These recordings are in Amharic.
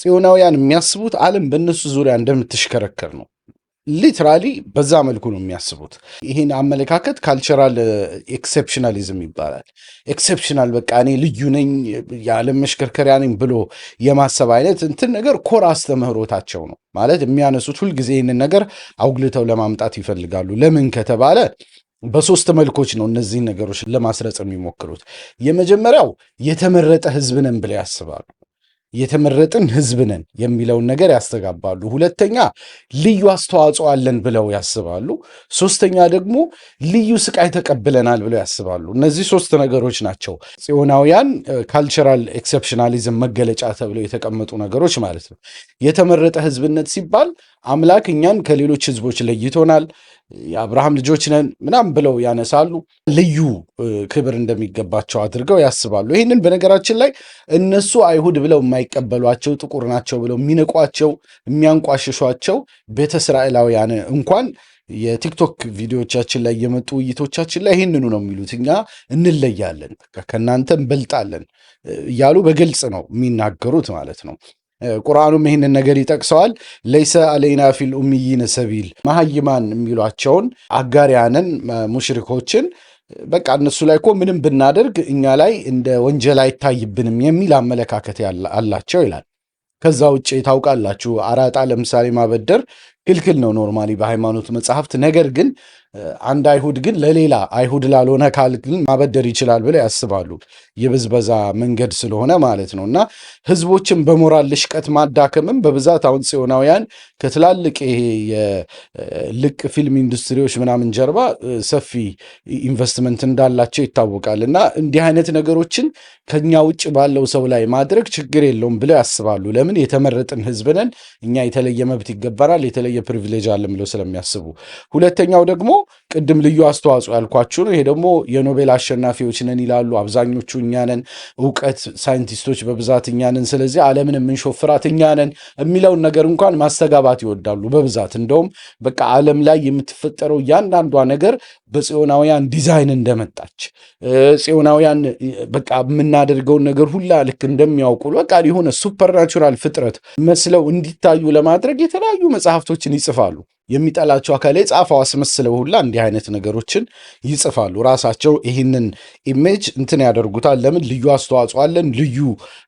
ጽዮናውያን የሚያስቡት ዓለም በእነሱ ዙሪያ እንደምትሽከረከር ነው። ሊትራሊ በዛ መልኩ ነው የሚያስቡት። ይህን አመለካከት ካልቸራል ኤክሴፕሽናሊዝም ይባላል። ኤክሴፕሽናል በቃ እኔ ልዩ ነኝ የዓለም መሽከርከሪያ ነኝ ብሎ የማሰብ አይነት እንትን ነገር ኮር አስተምህሮታቸው ነው ማለት የሚያነሱት። ሁልጊዜ ይህንን ነገር አውግልተው ለማምጣት ይፈልጋሉ። ለምን ከተባለ በሶስት መልኮች ነው እነዚህን ነገሮች ለማስረጽ የሚሞክሩት። የመጀመሪያው የተመረጠ ህዝብ ነን ብለው ያስባሉ። የተመረጥን ህዝብ ነን የሚለውን ነገር ያስተጋባሉ። ሁለተኛ ልዩ አስተዋጽኦ አለን ብለው ያስባሉ። ሶስተኛ ደግሞ ልዩ ስቃይ ተቀብለናል ብለው ያስባሉ። እነዚህ ሶስት ነገሮች ናቸው ጽዮናውያን ካልቸራል ኤክሰፕሽናሊዝም መገለጫ ተብለው የተቀመጡ ነገሮች ማለት ነው። የተመረጠ ህዝብነት ሲባል አምላክ እኛን ከሌሎች ህዝቦች ለይቶናል፣ የአብርሃም ልጆች ነን ምናምን ብለው ያነሳሉ። ልዩ ክብር እንደሚገባቸው አድርገው ያስባሉ። ይህንን በነገራችን ላይ እነሱ አይሁድ ብለው የማይቀበሏቸው ጥቁር ናቸው ብለው የሚነቋቸው የሚያንቋሽሿቸው ቤተ እስራኤላውያን እንኳን የቲክቶክ ቪዲዮዎቻችን ላይ የመጡ ውይይቶቻችን ላይ ይህንኑ ነው የሚሉት። እኛ እንለያለን፣ ከእናንተ እንበልጣለን እያሉ በግልጽ ነው የሚናገሩት ማለት ነው። ቁርአኑም ይህንን ነገር ይጠቅሰዋል። ለይሰ አለይና ፊል ኡሚይነ ሰቢል መሀይማን የሚሏቸውን አጋሪያንን ሙሽሪኮችን በቃ እነሱ ላይ እኮ ምንም ብናደርግ እኛ ላይ እንደ ወንጀል አይታይብንም የሚል አመለካከት አላቸው ይላል። ከዛ ውጭ ታውቃላችሁ፣ አራጣ ለምሳሌ ማበደር ክልክል ነው ኖርማሊ በሃይማኖት መጽሐፍት። ነገር ግን አንድ አይሁድ ግን ለሌላ አይሁድ ላልሆነ ካል ግን ማበደር ይችላል ብለው ያስባሉ። የብዝበዛ መንገድ ስለሆነ ማለት ነው። እና ህዝቦችን በሞራል ልሽቀት ማዳከምም በብዛት አሁን ጽዮናውያን ከትላልቅ ይሄ የልቅ ፊልም ኢንዱስትሪዎች ምናምን ጀርባ ሰፊ ኢንቨስትመንት እንዳላቸው ይታወቃል። እና እንዲህ አይነት ነገሮችን ከኛ ውጭ ባለው ሰው ላይ ማድረግ ችግር የለውም ብለው ያስባሉ። ለምን የተመረጥን ህዝብ ነን እኛ የተለየ መብት ይገባናል የተለየ የተለየ ፕሪቪሌጅ አለን ብለው ስለሚያስቡ፣ ሁለተኛው ደግሞ ቅድም ልዩ አስተዋጽኦ ያልኳችሁ ነው። ይሄ ደግሞ የኖቤል አሸናፊዎች ነን ይላሉ አብዛኞቹ። እኛ እውቀት ሳይንቲስቶች በብዛት እኛ ስለዚህ ዓለምን የምንሾፍራት እኛንን የሚለውን ነገር እንኳን ማስተጋባት ይወዳሉ በብዛት እንደውም በቃ ዓለም ላይ የምትፈጠረው እያንዳንዷ ነገር በጽዮናውያን ዲዛይን እንደመጣች ጽዮናውያን በቃ የምናደርገውን ነገር ሁላ ልክ እንደሚያውቁ በቃ የሆነ ሱፐርናቹራል ፍጥረት መስለው እንዲታዩ ለማድረግ የተለያዩ መጽሐፍቶች nisso a falo. የሚጠላቸው አካል የጻፈው አስመስለው ሁላ እንዲህ አይነት ነገሮችን ይጽፋሉ። ራሳቸው ይህንን ኢሜጅ እንትን ያደርጉታል። ለምን ልዩ አስተዋጽኦ አለን፣ ልዩ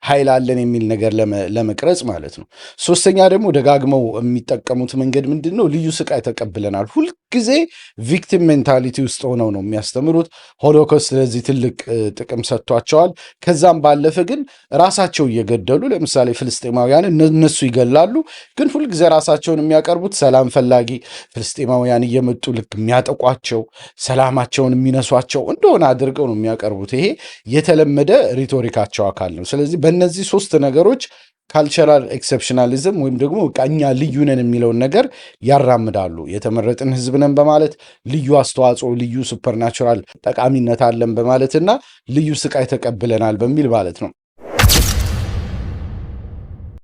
ኃይል አለን የሚል ነገር ለመቅረጽ ማለት ነው። ሶስተኛ ደግሞ ደጋግመው የሚጠቀሙት መንገድ ምንድን ነው? ልዩ ስቃይ ተቀብለናል። ሁልጊዜ ቪክቲም ሜንታሊቲ ውስጥ ሆነው ነው የሚያስተምሩት። ሆሎኮስት ለዚህ ትልቅ ጥቅም ሰጥቷቸዋል። ከዛም ባለፈ ግን ራሳቸው እየገደሉ ለምሳሌ ፍልስጤማውያን እነሱ ይገላሉ፣ ግን ሁልጊዜ ራሳቸውን የሚያቀርቡት ሰላም ፈላጊ አስፈላጊ ፍልስጤማውያን እየመጡ ልክ የሚያጠቋቸው ሰላማቸውን የሚነሷቸው እንደሆነ አድርገው ነው የሚያቀርቡት። ይሄ የተለመደ ሪቶሪካቸው አካል ነው። ስለዚህ በእነዚህ ሶስት ነገሮች ካልቸራል ኤክሰፕሽናሊዝም ወይም ደግሞ እኛ ልዩ ነን የሚለውን ነገር ያራምዳሉ። የተመረጥን ህዝብ ነን በማለት ልዩ አስተዋጽኦ፣ ልዩ ሱፐርናቹራል ጠቃሚነት አለን በማለትና ልዩ ስቃይ ተቀብለናል በሚል ማለት ነው።